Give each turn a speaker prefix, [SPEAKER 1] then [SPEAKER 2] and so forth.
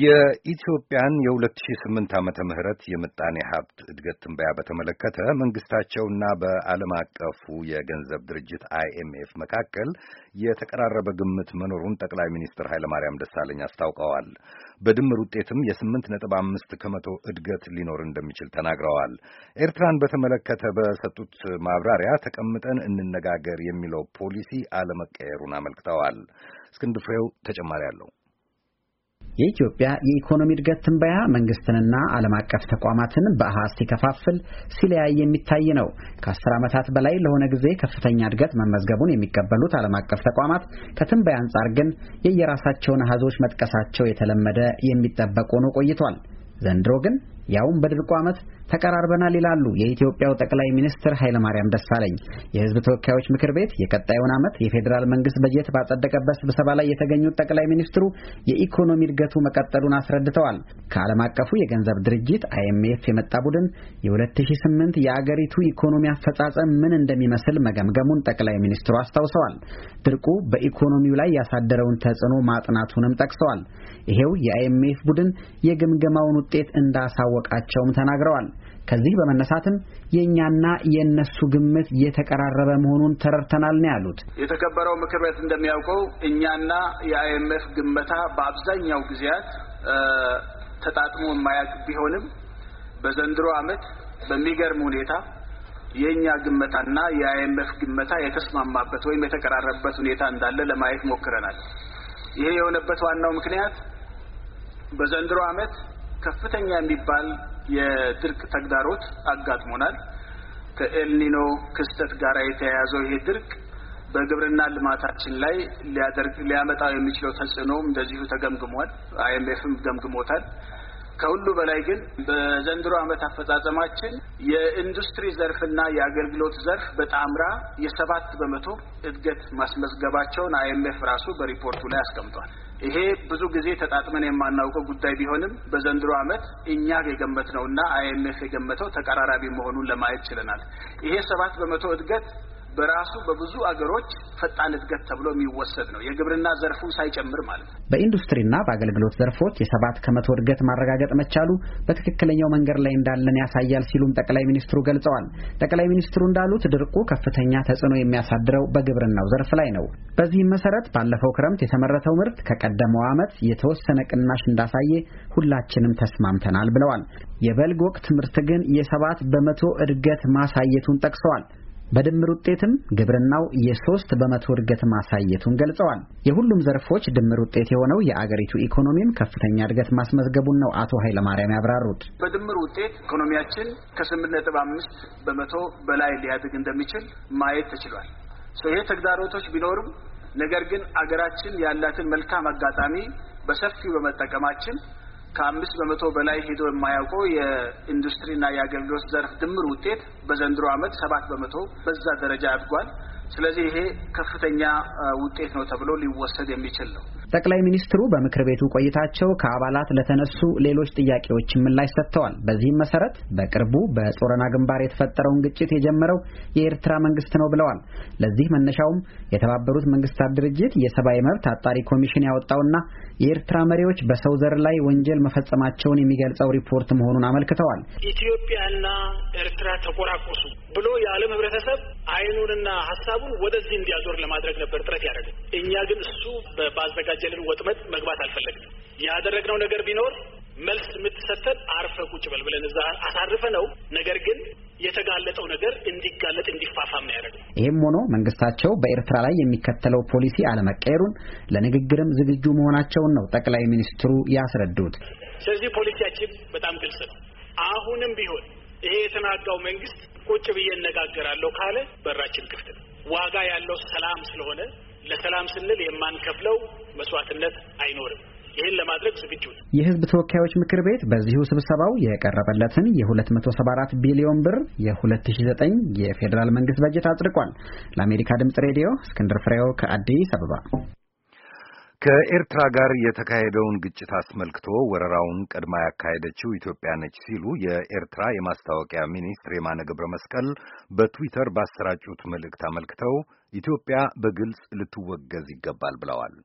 [SPEAKER 1] የኢትዮጵያን የ2008 ዓመተ ምህረት የምጣኔ ሀብት እድገት ትንበያ በተመለከተ መንግስታቸውና በዓለም አቀፉ የገንዘብ ድርጅት አይኤምኤፍ መካከል የተቀራረበ ግምት መኖሩን ጠቅላይ ሚኒስትር ኃይለማርያም ደሳለኝ አስታውቀዋል። በድምር ውጤትም የስምንት ነጥብ አምስት ከመቶ እድገት ሊኖር እንደሚችል ተናግረዋል። ኤርትራን በተመለከተ በሰጡት ማብራሪያ ተቀምጠን እንነጋገር የሚለው ፖሊሲ አለመቀየሩን አመልክተዋል። እስክንድር ፍሬው ተጨማሪ አለው።
[SPEAKER 2] የኢትዮጵያ የኢኮኖሚ እድገት ትንበያ መንግስትንና ዓለም አቀፍ ተቋማትን በአሃዝ ሲከፋፍል ሲለያይ የሚታይ ነው። ከአስር ዓመታት በላይ ለሆነ ጊዜ ከፍተኛ እድገት መመዝገቡን የሚቀበሉት ዓለም አቀፍ ተቋማት ከትንበያ አንጻር ግን የየራሳቸውን አሃዞች መጥቀሳቸው የተለመደ የሚጠበቅ ሆኖ ቆይቷል። ዘንድሮ ግን ያውም በድርቁ ዓመት ተቀራርበናል ይላሉ የኢትዮጵያው ጠቅላይ ሚኒስትር ኃይለማርያም ደሳለኝ። የህዝብ ተወካዮች ምክር ቤት የቀጣዩን ዓመት የፌዴራል መንግስት በጀት ባጸደቀበት ስብሰባ ላይ የተገኙት ጠቅላይ ሚኒስትሩ የኢኮኖሚ እድገቱ መቀጠሉን አስረድተዋል። ከዓለም አቀፉ የገንዘብ ድርጅት አይኤምኤፍ የመጣ ቡድን የ2008 የአገሪቱ ኢኮኖሚ አፈጻጸም ምን እንደሚመስል መገምገሙን ጠቅላይ ሚኒስትሩ አስታውሰዋል። ድርቁ በኢኮኖሚው ላይ ያሳደረውን ተጽዕኖ ማጥናቱንም ጠቅሰዋል። ይሄው የአይኤምኤፍ ቡድን የግምገማውን ውጤት እንዳሳወቃቸውም ተናግረዋል። ከዚህ በመነሳትም የእኛና የእነሱ ግምት የተቀራረበ መሆኑን ተረድተናል ነው ያሉት።
[SPEAKER 3] የተከበረው ምክር ቤት እንደሚያውቀው እኛና የአይኤምኤፍ ግመታ በአብዛኛው ጊዜያት ተጣጥሞ የማያውቅ ቢሆንም በዘንድሮ ዓመት በሚገርም ሁኔታ የእኛ ግመታና የአይኤምኤፍ ግመታ የተስማማበት ወይም የተቀራረበበት ሁኔታ እንዳለ ለማየት ሞክረናል። ይሄ የሆነበት ዋናው ምክንያት በዘንድሮ ዓመት ከፍተኛ የሚባል የድርቅ ተግዳሮት አጋጥሞናል። ከኤልኒኖ ክስተት ጋር የተያያዘው ይሄ ድርቅ በግብርና ልማታችን ላይ ሊያደርግ ሊያመጣው የሚችለው ተጽዕኖም እንደዚሁ ተገምግሟል። አይኤምኤፍም ገምግሞታል። ከሁሉ በላይ ግን በዘንድሮ ዓመት አፈጻጸማችን የኢንዱስትሪ ዘርፍና የአገልግሎት ዘርፍ በጣምራ የሰባት በመቶ እድገት ማስመዝገባቸውን አይኤምኤፍ ራሱ በሪፖርቱ ላይ አስቀምጧል። ይሄ ብዙ ጊዜ ተጣጥመን የማናውቀው ጉዳይ ቢሆንም በዘንድሮ ዓመት እኛ የገመት ነውና አይኤምኤፍ የገመተው ተቀራራቢ መሆኑን ለማየት ችለናል። ይሄ ሰባት በመቶ እድገት በራሱ በብዙ አገሮች ፈጣን እድገት ተብሎ የሚወሰድ ነው። የግብርና ዘርፉ ሳይጨምር
[SPEAKER 2] ማለት ነው። በኢንዱስትሪና በአገልግሎት ዘርፎች የሰባት ከመቶ እድገት ማረጋገጥ መቻሉ በትክክለኛው መንገድ ላይ እንዳለን ያሳያል ሲሉም ጠቅላይ ሚኒስትሩ ገልጸዋል። ጠቅላይ ሚኒስትሩ እንዳሉት ድርቁ ከፍተኛ ተጽዕኖ የሚያሳድረው በግብርናው ዘርፍ ላይ ነው። በዚህም መሰረት ባለፈው ክረምት የተመረተው ምርት ከቀደመው ዓመት የተወሰነ ቅናሽ እንዳሳየ ሁላችንም ተስማምተናል ብለዋል። የበልግ ወቅት ምርት ግን የሰባት በመቶ እድገት ማሳየቱን ጠቅሰዋል። በድምር ውጤትም ግብርናው የሶስት በመቶ እድገት ማሳየቱን ገልጸዋል። የሁሉም ዘርፎች ድምር ውጤት የሆነው የአገሪቱ ኢኮኖሚም ከፍተኛ እድገት ማስመዝገቡን ነው አቶ ኃይለማርያም ያብራሩት።
[SPEAKER 3] በድምር ውጤት ኢኮኖሚያችን ከስምንት ነጥብ አምስት በመቶ በላይ ሊያድግ እንደሚችል ማየት ተችሏል። ይሄ ተግዳሮቶች ቢኖርም ነገር ግን አገራችን ያላትን መልካም አጋጣሚ በሰፊው በመጠቀማችን ከአምስት በመቶ በላይ ሄዶ የማያውቀው የኢንዱስትሪና የአገልግሎት ዘርፍ ድምር ውጤት በዘንድሮ ዓመት ሰባት በመቶ በዛ ደረጃ አድጓል። ስለዚህ ይሄ ከፍተኛ ውጤት ነው ተብሎ ሊወሰድ የሚችል ነው።
[SPEAKER 2] ጠቅላይ ሚኒስትሩ በምክር ቤቱ ቆይታቸው ከአባላት ለተነሱ ሌሎች ጥያቄዎች ምላሽ ሰጥተዋል። በዚህም መሰረት በቅርቡ በጾረና ግንባር የተፈጠረውን ግጭት የጀመረው የኤርትራ መንግስት ነው ብለዋል። ለዚህ መነሻውም የተባበሩት መንግስታት ድርጅት የሰብአዊ መብት አጣሪ ኮሚሽን ያወጣውና የኤርትራ መሪዎች በሰው ዘር ላይ ወንጀል መፈጸማቸውን የሚገልጸው ሪፖርት መሆኑን አመልክተዋል።
[SPEAKER 3] ኢትዮጵያና ኤርትራ ተቆራቆሱ ብሎ የዓለም ህብረተሰብ አይኑንና ሀሳቡን ወደዚህ እንዲያዞር ለማድረግ ነበር ጥረት ያደረገ። እኛ ግን እሱ ባዘጋጀልን ወጥመድ መግባት አልፈለግም ያደረግነው ነገር ቢኖር መልስ የምትሰተን አርፈ ቁጭ በል ብለን እዛ አሳርፈ ነው። ነገር ግን የተጋለጠው ነገር እንዲጋለጥ እንዲፋፋም ነው ያደረገው።
[SPEAKER 2] ይህም ሆኖ መንግስታቸው በኤርትራ ላይ የሚከተለው ፖሊሲ አለመቀየሩን ለንግግርም ዝግጁ መሆናቸውን ነው ጠቅላይ ሚኒስትሩ ያስረዱት። ስለዚህ ፖሊሲያችን በጣም ግልጽ ነው።
[SPEAKER 3] አሁንም ቢሆን ይሄ የተናጋው መንግስት ቁጭ ብዬ እነጋገራለሁ ካለ በራችን ክፍት ነው። ዋጋ ያለው ሰላም ስለሆነ ለሰላም ስንል የማንከፍለው መስዋዕትነት አይኖርም። ይህን ለማድረግ ዝግጁ
[SPEAKER 2] ነው። ተወካዮች ምክር ቤት በዚሁ ስብሰባው የቀረበለትን የ274 ቢሊዮን ብር የ2009 የፌዴራል መንግስት በጀት አጽድቋል። ለአሜሪካ ድምጽ ሬዲዮ እስክንድር ፍሬው ከአዲስ አበባ
[SPEAKER 1] ከኤርትራ ጋር የተካሄደውን ግጭት አስመልክቶ ወረራውን ቀድማ ያካሄደችው ኢትዮጵያ ነች ሲሉ የኤርትራ የማስታወቂያ ሚኒስትር የማነ ገብረ መስቀል በትዊተር ባሰራጩት መልእክት አመልክተው ኢትዮጵያ በግልጽ ልትወገዝ ይገባል ብለዋል።